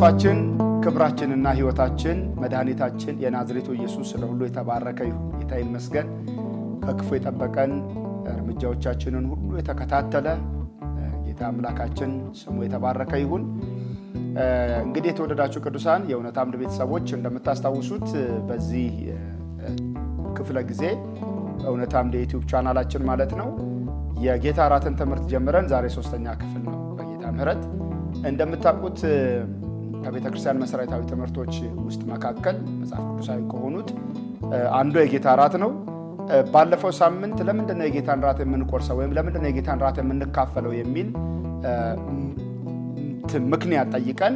ተስፋችን ክብራችንና ሕይወታችን መድኃኒታችን የናዝሬቱ ኢየሱስ ለሁሉ የተባረከ ይሁን። ጌታ ይመስገን። ከክፉ የጠበቀን እርምጃዎቻችንን ሁሉ የተከታተለ ጌታ አምላካችን ስሙ የተባረከ ይሁን። እንግዲህ የተወደዳችሁ ቅዱሳን የእውነት አምድ ቤተሰቦች እንደምታስታውሱት በዚህ ክፍለ ጊዜ እውነት አምድ የዩቲዩብ ቻናላችን ማለት ነው የጌታ እራትን ትምህርት ጀምረን ዛሬ ሶስተኛ ክፍል ነው። በጌታ ምሕረት እንደምታውቁት ከቤተ ክርስቲያን መሰረታዊ ትምህርቶች ውስጥ መካከል መጽሐፍ ቅዱሳዊ ከሆኑት አንዱ የጌታ እራት ነው። ባለፈው ሳምንት ለምንድነው የጌታን ራት የምንቆርሰው ወይም ለምንድነው የጌታን ራት የምንካፈለው የሚል ምክንያት ጠይቀን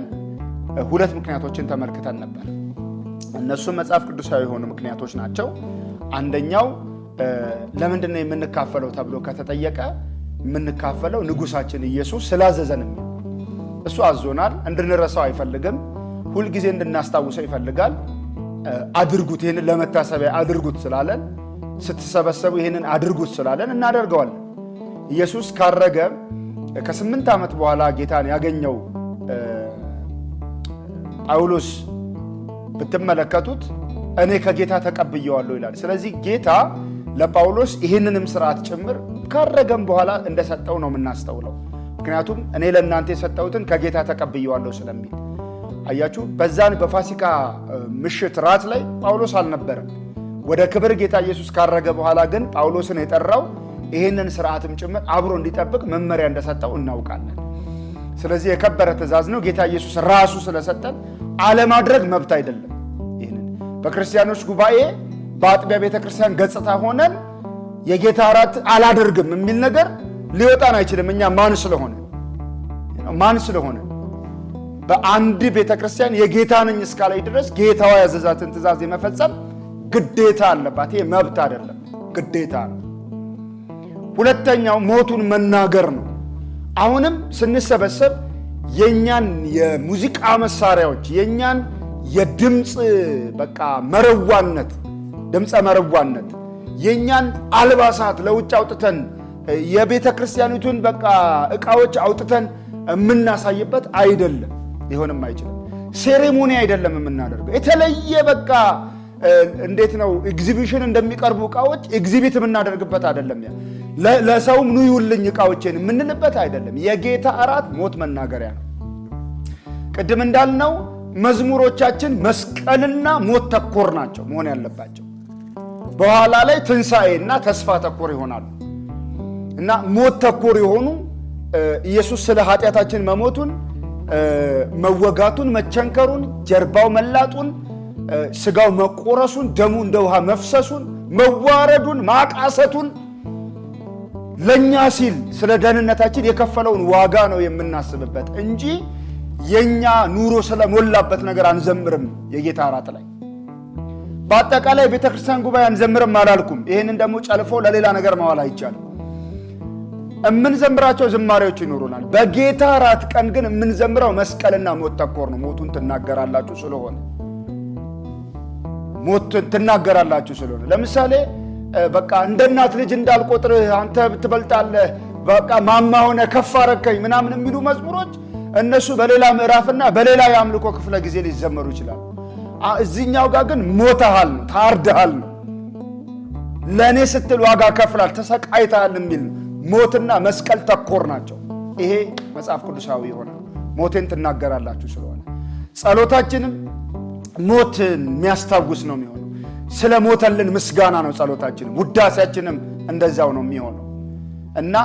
ሁለት ምክንያቶችን ተመልክተን ነበር። እነሱም መጽሐፍ ቅዱሳዊ የሆኑ ምክንያቶች ናቸው። አንደኛው ለምንድነው የምንካፈለው ተብሎ ከተጠየቀ የምንካፈለው ንጉሳችን ኢየሱስ ስላዘዘን የሚል እሱ አዞናል። እንድንረሳው አይፈልግም። ሁልጊዜ እንድናስታውሰው ይፈልጋል። አድርጉት፣ ይህንን ለመታሰቢያ አድርጉት ስላለን፣ ስትሰበሰቡ ይህንን አድርጉት ስላለን እናደርገዋለን። ኢየሱስ ካረገ ከስምንት ዓመት በኋላ ጌታን ያገኘው ጳውሎስ ብትመለከቱት እኔ ከጌታ ተቀብየዋለሁ ይላል። ስለዚህ ጌታ ለጳውሎስ ይህንንም ስርዓት ጭምር ካረገም በኋላ እንደሰጠው ነው የምናስተውለው። ምክንያቱም እኔ ለእናንተ የሰጠሁትን ከጌታ ተቀብየዋለሁ ስለሚል አያችሁ። በዛን በፋሲካ ምሽት ራት ላይ ጳውሎስ አልነበረም። ወደ ክብር ጌታ ኢየሱስ ካረገ በኋላ ግን ጳውሎስን የጠራው ይህንን ስርዓትም ጭምር አብሮ እንዲጠብቅ መመሪያ እንደሰጠው እናውቃለን። ስለዚህ የከበረ ትእዛዝ ነው። ጌታ ኢየሱስ ራሱ ስለሰጠን አለማድረግ መብት አይደለም። ይህንን በክርስቲያኖች ጉባኤ በአጥቢያ ቤተክርስቲያን ገጽታ ሆነን የጌታ እራት አላደርግም የሚል ነገር ሊወጣን አይችልም። እኛ ማን ስለሆነ ማን ስለሆነ በአንድ ቤተ ክርስቲያን የጌታ ነኝ እስካላይ ድረስ ጌታዋ ያዘዛትን ትእዛዝ የመፈጸም ግዴታ አለባት። ይሄ መብት አይደለም፣ ግዴታ ነው። ሁለተኛው ሞቱን መናገር ነው። አሁንም ስንሰበሰብ የእኛን የሙዚቃ መሳሪያዎች የእኛን የድምፅ በቃ መረዋነት ድምፀ መረዋነት የእኛን አልባሳት ለውጭ አውጥተን የቤተ ክርስቲያኒቱን በቃ እቃዎች አውጥተን የምናሳይበት አይደለም። ሊሆንም አይችልም። ሴሬሞኒ አይደለም የምናደርገው። የተለየ በቃ እንዴት ነው ኤግዚቢሽን እንደሚቀርቡ እቃዎች ኤግዚቢት የምናደርግበት አይደለም። ለሰውም ኑ እቃዎችን የምንልበት አይደለም። የጌታ እራት ሞት መናገሪያ ነው። ቅድም እንዳልነው መዝሙሮቻችን መስቀልና ሞት ተኮር ናቸው መሆን ያለባቸው። በኋላ ላይ ትንሣኤና ተስፋ ተኮር ይሆናሉ። እና ሞት ተኮር የሆኑ ኢየሱስ ስለ ኃጢአታችን መሞቱን፣ መወጋቱን፣ መቸንከሩን፣ ጀርባው መላጡን፣ ስጋው መቆረሱን፣ ደሙ እንደ ውሃ መፍሰሱን፣ መዋረዱን፣ ማቃሰቱን ለእኛ ሲል ስለ ደህንነታችን የከፈለውን ዋጋ ነው የምናስብበት እንጂ የእኛ ኑሮ ስለሞላበት ነገር አንዘምርም። የጌታ እራት ላይ በአጠቃላይ ቤተክርስቲያን ጉባኤ አንዘምርም አላልኩም። ይህንን ደግሞ ጨልፎ ለሌላ ነገር ማዋል አይቻልም። የምንዘምራቸው ዝማሬዎች ይኖሩናል። በጌታ እራት ቀን ግን የምንዘምረው መስቀልና ሞት ተኮር ነው። ሞቱን ትናገራላችሁ ስለሆነ ሞት ትናገራላችሁ ስለሆነ ለምሳሌ በቃ እንደ እናት ልጅ እንዳልቆጥርህ አንተ ትበልጣለህ፣ በቃ ማማ ሆነ ከፍ አረከኝ ምናምን የሚሉ መዝሙሮች እነሱ በሌላ ምዕራፍና በሌላ የአምልኮ ክፍለ ጊዜ ሊዘመሩ ይችላል። እዚህኛው ጋር ግን ሞተሃል ነው ታርድሃል ነው ለእኔ ስትል ዋጋ ከፍላል ተሰቃይተሃል የሚል ነው። ሞትና መስቀል ተኮር ናቸው። ይሄ መጽሐፍ ቅዱሳዊ የሆነ ሞቴን ትናገራላችሁ ስለሆነ ጸሎታችንም ሞትን የሚያስታውስ ነው የሚሆነው። ስለ ሞተልን ምስጋና ነው ጸሎታችንም፣ ውዳሴያችንም እንደዛው ነው የሚሆነው እና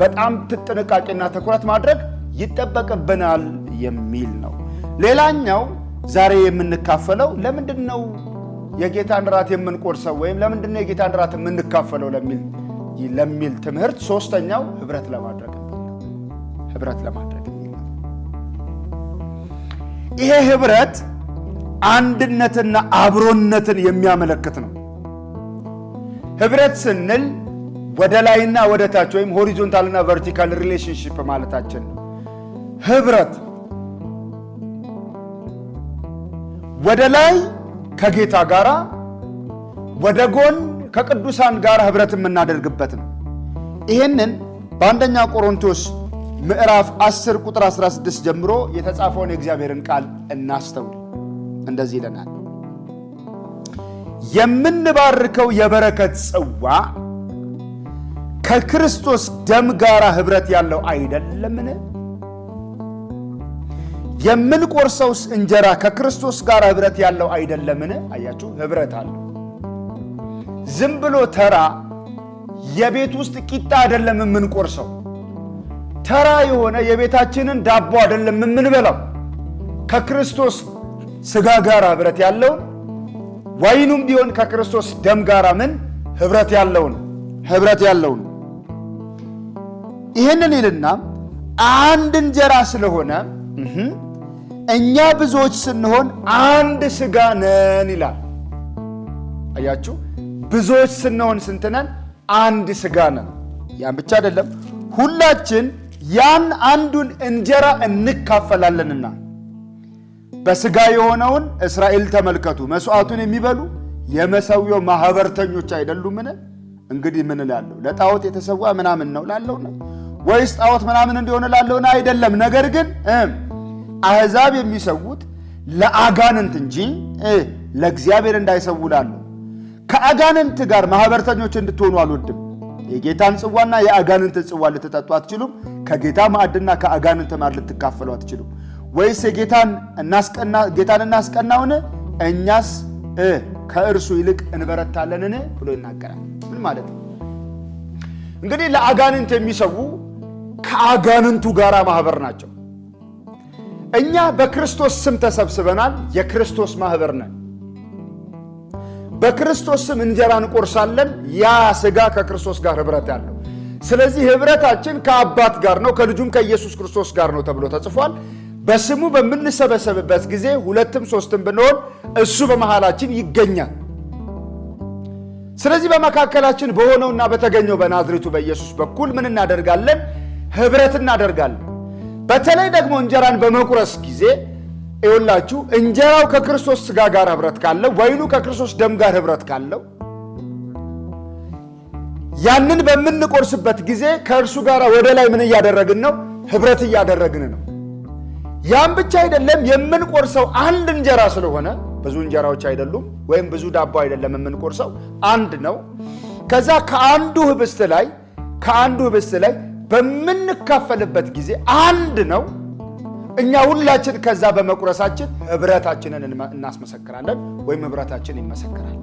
በጣም ጥንቃቄና ትኩረት ማድረግ ይጠበቅብናል የሚል ነው። ሌላኛው ዛሬ የምንካፈለው ለምንድን ነው የጌታን ራት የምንቆርሰው ወይም ለምንድን ነው የጌታን የምንካፈለው ለሚል ለሚል ትምህርት ሶስተኛው ህብረት ለማድረግ ህብረት ለማድረግ ይሄ ህብረት አንድነትና አብሮነትን የሚያመለክት ነው። ህብረት ስንል ወደ ላይና ወደ ታች ወይም ሆሪዞንታልና ቨርቲካል ሪሌሽንሽፕ ማለታችን ነው። ህብረት ወደ ላይ ከጌታ ጋራ ወደ ጎን ከቅዱሳን ጋር ኅብረት የምናደርግበት ነው። ይህንን በአንደኛ ቆሮንቶስ ምዕራፍ 10 ቁጥር 16 ጀምሮ የተጻፈውን የእግዚአብሔርን ቃል እናስተውል። እንደዚህ ይለናል፣ የምንባርከው የበረከት ጽዋ ከክርስቶስ ደም ጋር ኅብረት ያለው አይደለምን? የምንቆርሰውስ እንጀራ ከክርስቶስ ጋር ኅብረት ያለው አይደለምን? አያችሁ፣ ኅብረት አለው። ዝም ብሎ ተራ የቤት ውስጥ ቂጣ አይደለም የምንቆርሰው፣ ተራ የሆነ የቤታችንን ዳቦ አይደለም የምንበላው። ከክርስቶስ ስጋ ጋር ህብረት ያለውን ወይኑም ቢሆን ከክርስቶስ ደም ጋር ምን ህብረት ያለውን ህብረት ያለውን ይህንን ይልና አንድ እንጀራ ስለሆነ እኛ ብዙዎች ስንሆን አንድ ስጋ ነን ይላል። አያችሁ ብዙዎች ስንሆን ስንትነን? አንድ ስጋ ነን። ያን ብቻ አይደለም፣ ሁላችን ያን አንዱን እንጀራ እንካፈላለንና በስጋ የሆነውን እስራኤል ተመልከቱ፣ መስዋዕቱን የሚበሉ የመሰዊያው ማህበርተኞች አይደሉምን? እንግዲህ ምን ላለው ለጣዖት የተሰዋ ምናምን ነው ላለው ነው ወይስ ጣዖት ምናምን እንዲሆነ ላለው ነው? አይደለም። ነገር ግን አሕዛብ የሚሰዉት ለአጋንንት እንጂ ለእግዚአብሔር እንዳይሰውላሉ ከአጋንንት ጋር ማህበርተኞች እንድትሆኑ አልወድም። የጌታን ጽዋና የአጋንንት ጽዋ ልትጠጡ አትችሉም። ከጌታ ማዕድና ከአጋንንት ማር ልትካፈሉ አትችሉም። ወይስ የጌታን እናስቀናውን እኛስ ከእርሱ ይልቅ እንበረታለንን ብሎ ይናገራል። ምን ማለት ነው? እንግዲህ ለአጋንንት የሚሰዉ ከአጋንንቱ ጋር ማህበር ናቸው። እኛ በክርስቶስ ስም ተሰብስበናል። የክርስቶስ ማህበር ነን። በክርስቶስ ስም እንጀራ እንቆርሳለን። ያ ስጋ ከክርስቶስ ጋር ህብረት ያለው ስለዚህ ህብረታችን ከአባት ጋር ነው፣ ከልጁም ከኢየሱስ ክርስቶስ ጋር ነው ተብሎ ተጽፏል። በስሙ በምንሰበሰብበት ጊዜ ሁለትም ሶስትም ብንሆን እሱ በመሃላችን ይገኛል። ስለዚህ በመካከላችን በሆነውና በተገኘው በናዝሬቱ በኢየሱስ በኩል ምን እናደርጋለን? ህብረት እናደርጋለን። በተለይ ደግሞ እንጀራን በመቁረስ ጊዜ ይኸውላችሁ እንጀራው ከክርስቶስ ስጋ ጋር ህብረት ካለው ወይኑ ከክርስቶስ ደም ጋር ህብረት ካለው ያንን በምንቆርስበት ጊዜ ከእርሱ ጋር ወደ ላይ ምን እያደረግን ነው? ህብረት እያደረግን ነው። ያም ብቻ አይደለም፣ የምንቆርሰው አንድ እንጀራ ስለሆነ ብዙ እንጀራዎች አይደሉም፣ ወይም ብዙ ዳቦ አይደለም። የምንቆርሰው አንድ ነው። ከዛ ከአንዱ ህብስት ላይ ከአንዱ ህብስት ላይ በምንካፈልበት ጊዜ አንድ ነው እኛ ሁላችን ከዛ በመቁረሳችን ህብረታችንን እናስመሰክራለን ወይም ህብረታችን ይመሰክራል።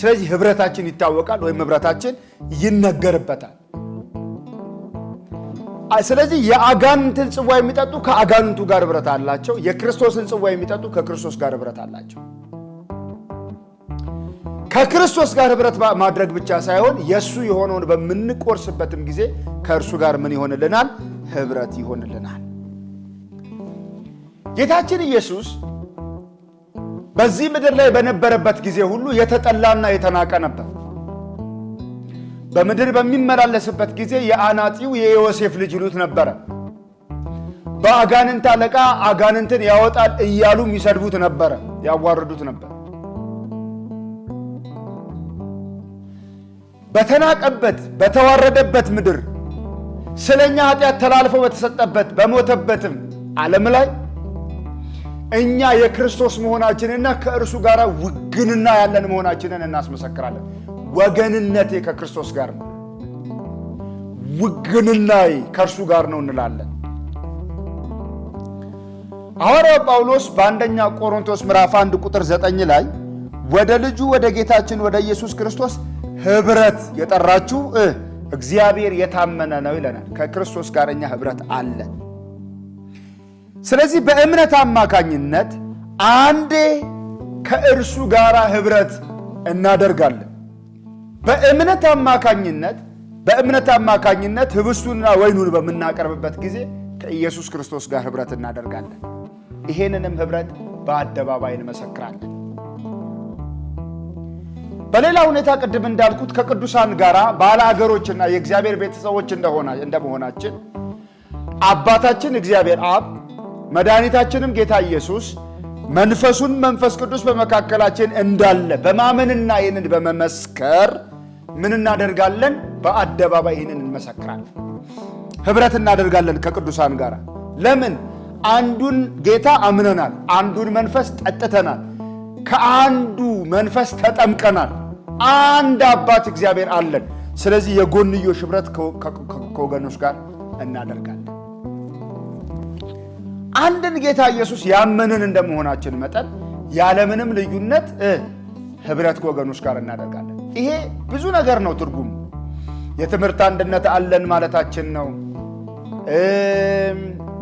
ስለዚህ ህብረታችን ይታወቃል ወይም ህብረታችን ይነገርበታል። ስለዚህ የአጋንንትን ጽዋ የሚጠጡ ከአጋንንቱ ጋር ህብረት አላቸው። የክርስቶስን ጽዋ የሚጠጡ ከክርስቶስ ጋር ህብረት አላቸው። ከክርስቶስ ጋር ህብረት ማድረግ ብቻ ሳይሆን የእሱ የሆነውን በምንቆርስበትም ጊዜ ከእርሱ ጋር ምን ይሆንልናል? ህብረት ይሆንልናል። ጌታችን ኢየሱስ በዚህ ምድር ላይ በነበረበት ጊዜ ሁሉ የተጠላና የተናቀ ነበር። በምድር በሚመላለስበት ጊዜ የአናጢው የዮሴፍ ልጅ ይሉት ነበረ። በአጋንንት አለቃ አጋንንትን ያወጣል እያሉም ይሰድቡት ነበረ፣ ያዋርዱት ነበር። በተናቀበት በተዋረደበት ምድር ስለ እኛ ኃጢአት ተላልፎ በተሰጠበት በሞተበትም ዓለም ላይ እኛ የክርስቶስ መሆናችንና ከእርሱ ጋር ውግንና ያለን መሆናችንን እናስመሰክራለን። ወገንነቴ ከክርስቶስ ጋር ነው፣ ውግንናዬ ከእርሱ ጋር ነው እንላለን። ሐዋርያው ጳውሎስ በአንደኛ ቆሮንቶስ ምዕራፍ 1 ቁጥር 9 ላይ ወደ ልጁ ወደ ጌታችን ወደ ኢየሱስ ክርስቶስ ኅብረት የጠራችሁ እግዚአብሔር የታመነ ነው ይለናል። ከክርስቶስ ጋር እኛ ህብረት አለ። ስለዚህ በእምነት አማካኝነት አንዴ ከእርሱ ጋር ህብረት እናደርጋለን። በእምነት አማካኝነት በእምነት አማካኝነት ህብስቱንና ወይኑን በምናቀርብበት ጊዜ ከኢየሱስ ክርስቶስ ጋር ህብረት እናደርጋለን። ይሄንንም ህብረት በአደባባይ እንመሰክራለን። በሌላ ሁኔታ ቅድም እንዳልኩት ከቅዱሳን ጋር ባለ አገሮችና የእግዚአብሔር ቤተሰቦች እንደመሆናችን አባታችን እግዚአብሔር አብ መድኃኒታችንም ጌታ ኢየሱስ መንፈሱን መንፈስ ቅዱስ በመካከላችን እንዳለ በማመንና ይህንን በመመስከር ምን እናደርጋለን? በአደባባይ ይህንን እንመሰክራለን። ህብረት እናደርጋለን ከቅዱሳን ጋር ለምን? አንዱን ጌታ አምነናል፣ አንዱን መንፈስ ጠጥተናል ከአንዱ መንፈስ ተጠምቀናል። አንድ አባት እግዚአብሔር አለን። ስለዚህ የጎንዮሽ ህብረት ከወገኖች ጋር እናደርጋለን። አንድን ጌታ ኢየሱስ ያመንን እንደመሆናችን መጠን ያለምንም ልዩነት ኅብረት ከወገኖች ጋር እናደርጋለን። ይሄ ብዙ ነገር ነው። ትርጉም የትምህርት አንድነት አለን ማለታችን ነው።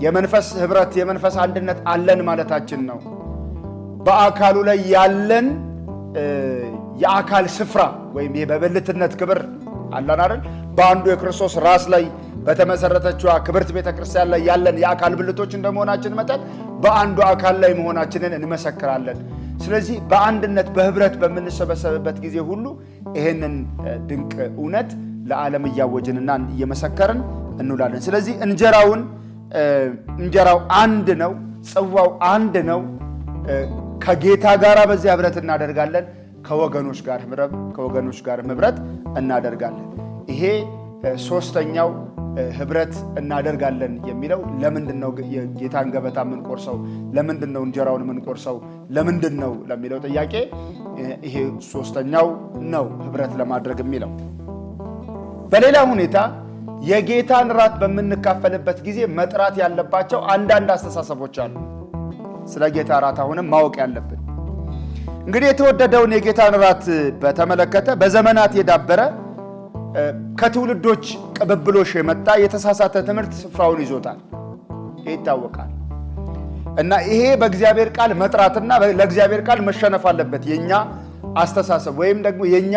የመንፈስ ኅብረት የመንፈስ አንድነት አለን ማለታችን ነው። በአካሉ ላይ ያለን የአካል ስፍራ ወይም የበብልትነት ክብር አለን አይደል? በአንዱ የክርስቶስ ራስ ላይ በተመሰረተችዋ ክብርት ቤተ ክርስቲያን ላይ ያለን የአካል ብልቶች እንደመሆናችን መጠን በአንዱ አካል ላይ መሆናችንን እንመሰክራለን። ስለዚህ በአንድነት በህብረት በምንሰበሰብበት ጊዜ ሁሉ ይህንን ድንቅ እውነት ለዓለም እያወጅንና እየመሰከርን እንውላለን። ስለዚህ እንጀራውን እንጀራው አንድ ነው፣ ጽዋው አንድ ነው ከጌታ ጋር በዚህ ህብረት እናደርጋለን። ከወገኖች ጋር ህብረት ከወገኖች ጋር ህብረት እናደርጋለን። ይሄ ሶስተኛው ህብረት እናደርጋለን የሚለው ለምንድን ነው የጌታን ገበታ የምንቆርሰው? ለምንድን ነው እንጀራውን የምንቆርሰው? ለምንድን ነው ለሚለው ጥያቄ ይሄ ሶስተኛው ነው ህብረት ለማድረግ የሚለው። በሌላ ሁኔታ የጌታን ራት በምንካፈልበት ጊዜ መጥራት ያለባቸው አንዳንድ አስተሳሰቦች አሉ። ስለ ጌታ እራት አሁንም ማወቅ ያለብን እንግዲህ የተወደደውን የጌታን እራት በተመለከተ በዘመናት የዳበረ ከትውልዶች ቅብብሎሽ የመጣ የተሳሳተ ትምህርት ስፍራውን ይዞታል። ይህ ይታወቃል። እና ይሄ በእግዚአብሔር ቃል መጥራትና ለእግዚአብሔር ቃል መሸነፍ አለበት። የእኛ አስተሳሰብ ወይም ደግሞ የእኛ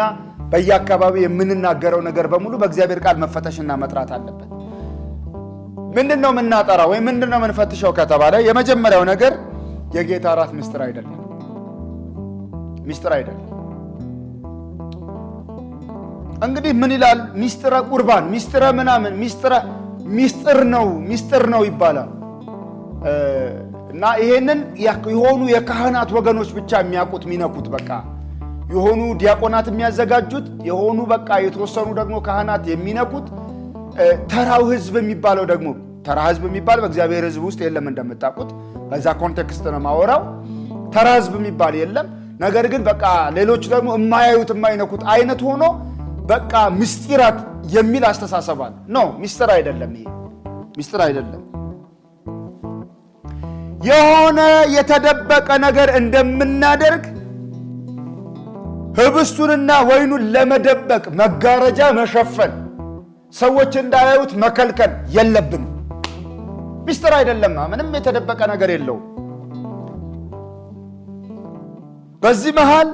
በየአካባቢው የምንናገረው ነገር በሙሉ በእግዚአብሔር ቃል መፈተሽና መጥራት አለበት። ምንድን ነው የምናጠራው ወይም ምንድን ነው የምንፈትሸው ከተባለ የመጀመሪያው ነገር የጌታ እራት ምስጢር አይደለም፣ ምስጢር አይደለም። እንግዲህ ምን ይላል? ምስጢረ ቁርባን፣ ምስጢረ ምናምን፣ ምስጢረ ምስጢር ነው ምስጢር ነው ይባላል እና ይሄንን የሆኑ የካህናት ወገኖች ብቻ የሚያውቁት የሚነኩት በቃ የሆኑ ዲያቆናት የሚያዘጋጁት የሆኑ በቃ የተወሰኑ ደግሞ ካህናት የሚነኩት ተራው ህዝብ የሚባለው ደግሞ ተራ ህዝብ የሚባል በእግዚአብሔር ህዝብ ውስጥ የለም። እንደምታውቁት በዛ ኮንቴክስት ነው ማወራው። ተራ ህዝብ የሚባል የለም። ነገር ግን በቃ ሌሎች ደግሞ የማያዩት የማይነኩት አይነት ሆኖ በቃ ምስጢራት የሚል አስተሳሰባል ኖ ምስጢር አይደለም። ይሄ ምስጢር አይደለም። የሆነ የተደበቀ ነገር እንደምናደርግ ህብስቱንና ወይኑን ለመደበቅ መጋረጃ መሸፈን፣ ሰዎች እንዳያዩት መከልከል የለብንም። ሚስጥር አይደለም፣ ምንም የተደበቀ ነገር የለውም። በዚህ መሃል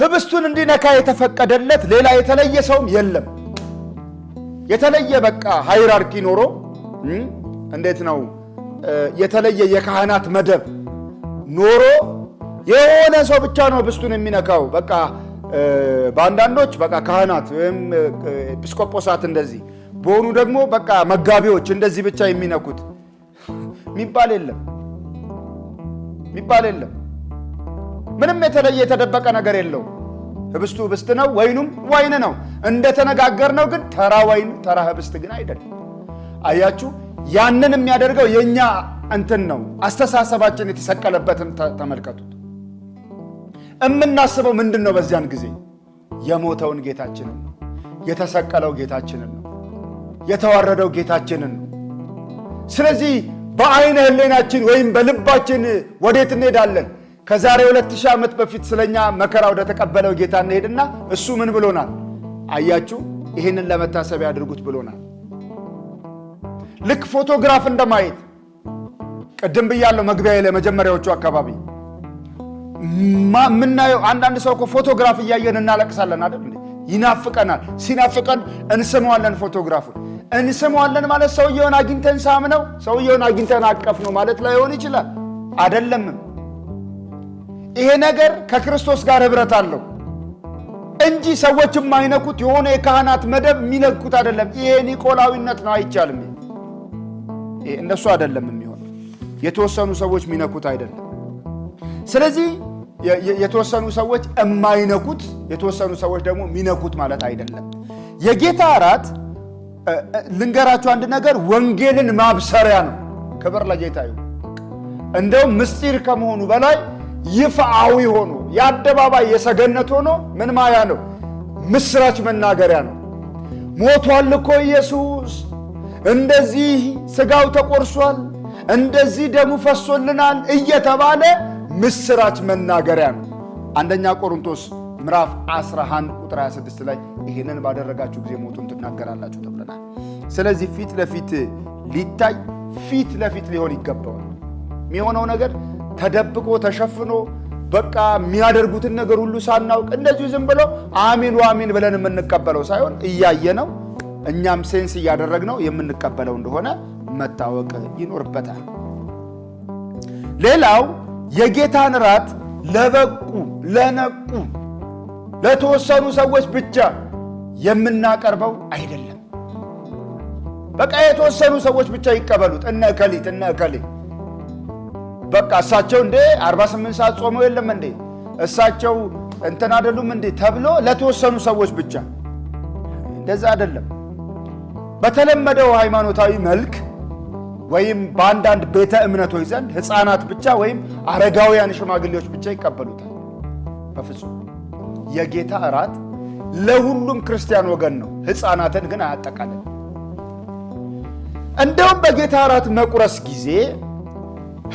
ህብስቱን እንዲነካ የተፈቀደለት ሌላ የተለየ ሰውም የለም። የተለየ በቃ ሃይራርኪ ኖሮ እንዴት ነው የተለየ የካህናት መደብ ኖሮ የሆነ ሰው ብቻ ነው ህብስቱን የሚነካው። በቃ በአንዳንዶች በቃ ካህናት ወይም ኤጲስቆጶሳት እንደዚህ በሆኑ ደግሞ በቃ መጋቢዎች እንደዚህ ብቻ የሚነኩት ሚባል የለም ሚባል የለም። ምንም የተለየ የተደበቀ ነገር የለው። ህብስቱ ህብስት ነው፣ ወይኑም ወይን ነው። እንደተነጋገር ነው ግን ተራ ወይኑ ተራ ህብስት ግን አይደለም። አያችሁ፣ ያንን የሚያደርገው የእኛ እንትን ነው። አስተሳሰባችን የተሰቀለበትን ተመልከቱት። የምናስበው ምንድን ነው? በዚያን ጊዜ የሞተውን ጌታችንን የተሰቀለው ጌታችንን የተዋረደው ጌታችንን ነው። ስለዚህ በአይነ ህሌናችን ወይም በልባችን ወዴት እንሄዳለን? ከዛሬ ሁለት ሺህ ዓመት በፊት ስለኛ መከራ ወደ ተቀበለው ጌታ እንሄድና እሱ ምን ብሎናል? አያችሁ ይህንን ለመታሰብ ያድርጉት ብሎናል። ልክ ፎቶግራፍ እንደማየት ቅድም ብያለሁ መግቢያ ለመጀመሪያዎቹ አካባቢ የምናየው አንዳንድ ሰው እኮ ፎቶግራፍ እያየን እናለቅሳለን አይደል? ይናፍቀናል። ሲናፍቀን እንስመዋለን ፎቶግራፉን እንስመዋለን ማለት ሰውየውን አግኝተን ሳምነው ሰውየውን አግኝተን አቀፍ ነው ማለት ላይሆን ይችላል። አይደለም ይሄ ነገር ከክርስቶስ ጋር ህብረት አለው እንጂ ሰዎች የማይነኩት የሆነ የካህናት መደብ የሚነኩት አይደለም። ይሄ ኒቆላዊነት ነው፣ አይቻልም። ይሄ እነሱ አይደለም የሚሆን የተወሰኑ ሰዎች የሚነኩት አይደለም። ስለዚህ የተወሰኑ ሰዎች የማይነኩት የተወሰኑ ሰዎች ደግሞ የሚነኩት ማለት አይደለም የጌታ እራት ልንገራችሁ አንድ ነገር፣ ወንጌልን ማብሰሪያ ነው። ክብር ለጌታ ይሁን። እንደውም ምስጢር ከመሆኑ በላይ ይፋዊ ሆኖ የአደባባይ የሰገነት ሆኖ ምን ማያ ነው? ምስራች መናገሪያ ነው። ሞቷል እኮ ኢየሱስ፣ እንደዚህ ስጋው ተቆርሷል፣ እንደዚህ ደሙ ፈሶልናል እየተባለ ምስራች መናገሪያ ነው። አንደኛ ቆሮንቶስ ምዕራፍ 11 ቁጥር 26 ላይ ይህንን ባደረጋችሁ ጊዜ ሞቱን ትናገራላችሁ ተብለናል። ስለዚህ ፊት ለፊት ሊታይ ፊት ለፊት ሊሆን ይገባዋል። የሚሆነው ነገር ተደብቆ ተሸፍኖ በቃ የሚያደርጉትን ነገር ሁሉ ሳናውቅ እንደዚሁ ዝም ብሎ አሚን አሚን ብለን የምንቀበለው ሳይሆን እያየ ነው እኛም ሴንስ እያደረግ ነው የምንቀበለው እንደሆነ መታወቅ ይኖርበታል። ሌላው የጌታን ራት ለበቁ ለነቁ ለተወሰኑ ሰዎች ብቻ የምናቀርበው አይደለም። በቃ የተወሰኑ ሰዎች ብቻ ይቀበሉት። እነ እከሊት እነ እከሊት በቃ እሳቸው እንዴ 48 ሰዓት ጾመው የለም እንዴ እሳቸው እንትን አይደሉም እንዴ ተብሎ ለተወሰኑ ሰዎች ብቻ እንደዛ አይደለም። በተለመደው ሃይማኖታዊ መልክ ወይም በአንዳንድ ቤተ እምነቶች ዘንድ ህፃናት ብቻ ወይም አረጋውያን ሽማግሌዎች ብቻ ይቀበሉታል። በፍጹም የጌታ እራት ለሁሉም ክርስቲያን ወገን ነው፣ ሕፃናትን ግን አያጠቃልል። እንደውም በጌታ እራት መቁረስ ጊዜ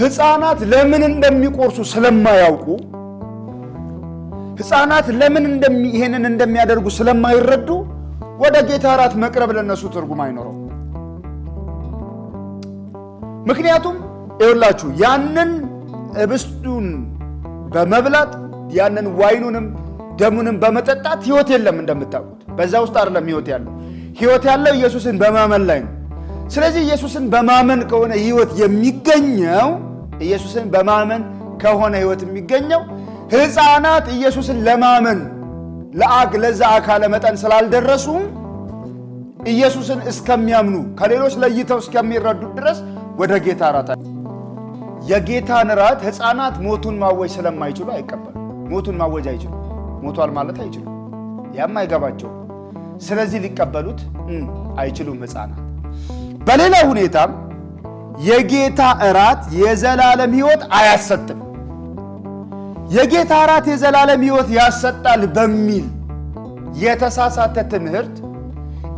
ሕፃናት ለምን እንደሚቆርሱ ስለማያውቁ ሕፃናት ለምን ይሄንን እንደሚያደርጉ ስለማይረዱ ወደ ጌታ እራት መቅረብ ለነሱ ትርጉም አይኖረው። ምክንያቱም ይኸውላችሁ ያንን እብስቱን በመብላት ያንን ዋይኑንም ደሙንም በመጠጣት ህይወት የለም። እንደምታውቁት በዛ ውስጥ አይደለም ህይወት ያለው። ህይወት ያለው ኢየሱስን በማመን ላይ ነው። ስለዚህ ኢየሱስን በማመን ከሆነ ህይወት የሚገኘው ኢየሱስን በማመን ከሆነ ህይወት የሚገኘው ህፃናት ኢየሱስን ለማመን ለአግ ለዛ አካለ መጠን ስላልደረሱ ኢየሱስን እስከሚያምኑ ከሌሎች ለይተው እስከሚረዱ ድረስ ወደ ጌታ ራት የጌታን ራት ህፃናት ሞቱን ማወጅ ስለማይችሉ አይቀበሉ። ሞቱን ማወጅ አይችሉ ሞቷል ማለት አይችሉም። ያም አይገባቸው። ስለዚህ ሊቀበሉት አይችሉም ሕፃናት። በሌላ ሁኔታም የጌታ እራት የዘላለም ሕይወት አያሰጥም። የጌታ እራት የዘላለም ሕይወት ያሰጣል በሚል የተሳሳተ ትምህርት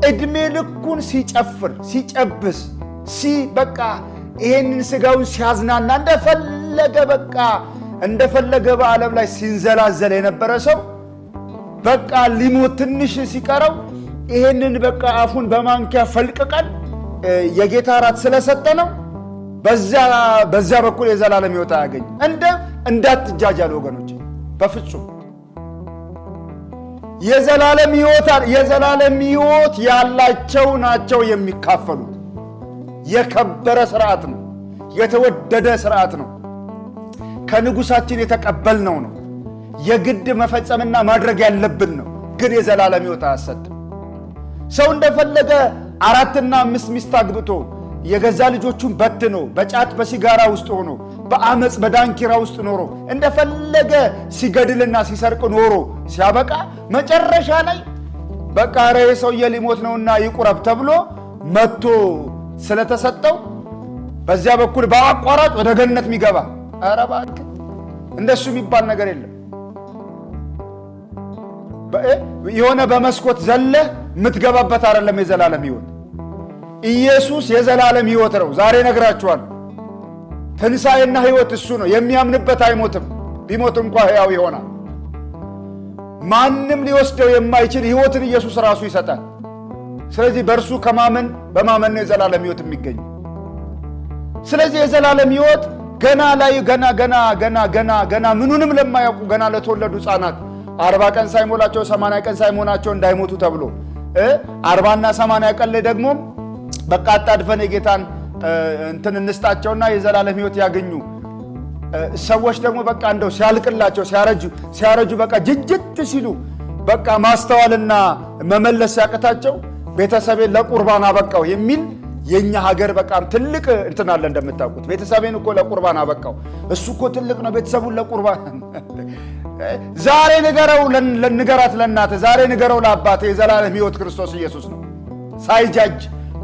እድሜ ልኩን ሲጨፍር ሲጨብስ ሲ በቃ ይሄንን ስጋውን ሲያዝናና እንደፈለገ በቃ እንደፈለገ በዓለም ላይ ሲንዘላዘል የነበረ ሰው በቃ ሊሞት ትንሽ ሲቀረው ይሄንን በቃ አፉን በማንኪያ ፈልቅቀን የጌታ እራት ስለሰጠ ነው። በዛ በኩል የዘላለም ሕይወት አያገኝ እንደ እንዳትጃጃል ወገኖች፣ በፍጹም የዘላለም ሕይወት የዘላለም ሕይወት ያላቸው ናቸው የሚካፈሉት። የከበረ ስርዓት ነው። የተወደደ ስርዓት ነው። ከንጉሳችን የተቀበልነው ነው። የግድ መፈጸምና ማድረግ ያለብን ነው። ግን የዘላለም ሕይወት አያሰጥም። ሰው እንደፈለገ አራትና አምስት ሚስት አግብቶ የገዛ ልጆቹን በትኖ በጫት በሲጋራ ውስጥ ሆኖ በአመፅ በዳንኪራ ውስጥ ኖሮ እንደፈለገ ሲገድልና ሲሰርቅ ኖሮ ሲያበቃ መጨረሻ ላይ በቃ ኧረ ሰውዬ ሊሞት ነውና ይቁረብ ተብሎ መጥቶ ስለተሰጠው በዚያ በኩል በአቋራጭ ወደ ገነት የሚገባ ኧረ እባክህ እንደሱ የሚባል ነገር የለም። የሆነ በመስኮት ዘለ የምትገባበት አይደለም የዘላለም ህይወት። ኢየሱስ የዘላለም ህይወት ነው። ዛሬ ነግራችኋል። ትንሣኤና ህይወት እሱ ነው። የሚያምንበት አይሞትም፣ ቢሞት እንኳ ሕያው ይሆናል። ማንም ሊወስደው የማይችል ህይወትን ኢየሱስ ራሱ ይሰጣል። ስለዚህ በእርሱ ከማመን በማመን ነው የዘላለም ህይወት የሚገኝ። ስለዚህ የዘላለም ህይወት ገና ላይ ገና ገና ገና ገና ገና ምኑንም ለማያውቁ ገና ለተወለዱ ህፃናት አርባ ቀን ሳይሞላቸው ሰማንያ ቀን ሳይሞላቸው እንዳይሞቱ ተብሎ አርባና ሰማንያ ቀን ላይ ደግሞ በቃ አጣድፈን የጌታን እንትን እንስጣቸውና የዘላለም ህይወት ያገኙ ሰዎች ደግሞ በቃ እንደው ሲያልቅላቸው ሲያረጁ ሲያረጁ በቃ ጅጅት ሲሉ በቃ ማስተዋልና መመለስ ሲያቅታቸው ቤተሰቤን ለቁርባን አበቃው የሚል የእኛ ሀገር በጣም ትልቅ እንትን አለ። እንደምታውቁት ቤተሰቤን እኮ ለቁርባን አበቃው፣ እሱ እኮ ትልቅ ነው፣ ቤተሰቡን ለቁርባን ዛሬ ንገረው፣ ንገራት ለናተ ዛሬ ንገረው ለአባቴ። የዘላለም ሕይወት ክርስቶስ ኢየሱስ ነው። ሳይጃጅ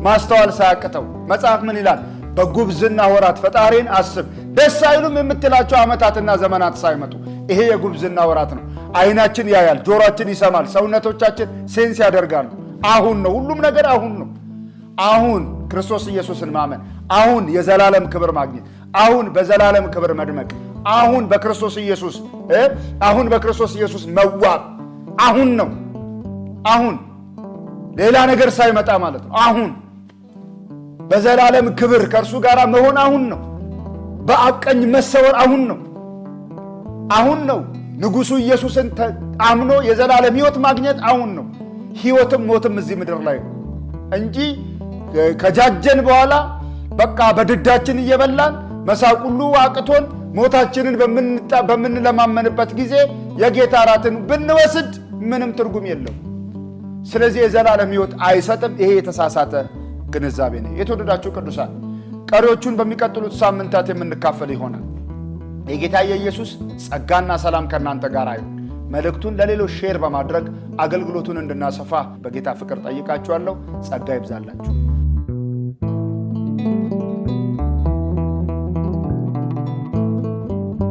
ማስተዋል ሳያቅተው መጽሐፍ ምን ይላል? በጉብዝና ወራት ፈጣሪን አስብ፣ ደስ አይሉም የምትላቸው ዓመታትና ዘመናት ሳይመጡ ይሄ የጉብዝና ወራት ነው። አይናችን ያያል፣ ጆሮአችን ይሰማል፣ ሰውነቶቻችን ሴንስ ያደርጋሉ። አሁን ነው ሁሉም ነገር አሁን ነው። አሁን ክርስቶስ ኢየሱስን ማመን፣ አሁን የዘላለም ክብር ማግኘት፣ አሁን በዘላለም ክብር መድመቅ አሁን በክርስቶስ ኢየሱስ አሁን በክርስቶስ ኢየሱስ መዋብ አሁን ነው። አሁን ሌላ ነገር ሳይመጣ ማለት ነው። አሁን በዘላለም ክብር ከእርሱ ጋር መሆን አሁን ነው። በአቀኝ መሰወር አሁን ነው። አሁን ነው። ንጉሡ ኢየሱስን አምኖ የዘላለም ሕይወት ማግኘት አሁን ነው። ሕይወትም ሞትም እዚህ ምድር ላይ ነው እንጂ ከጃጀን በኋላ በቃ በድዳችን እየበላን መሳቅ ሁሉ አቅቶን ሞታችንን በምንለማመንበት ጊዜ የጌታ እራትን ብንወስድ ምንም ትርጉም የለው። ስለዚህ የዘላለም ሕይወት አይሰጥም። ይሄ የተሳሳተ ግንዛቤ ነው። የተወደዳችሁ ቅዱሳን ቀሪዎቹን በሚቀጥሉት ሳምንታት የምንካፈል ይሆናል። የጌታ የኢየሱስ ጸጋና ሰላም ከእናንተ ጋር አይሁን። መልእክቱን ለሌሎች ሼር በማድረግ አገልግሎቱን እንድናሰፋ በጌታ ፍቅር ጠይቃችኋለሁ። ጸጋ ይብዛላችሁ።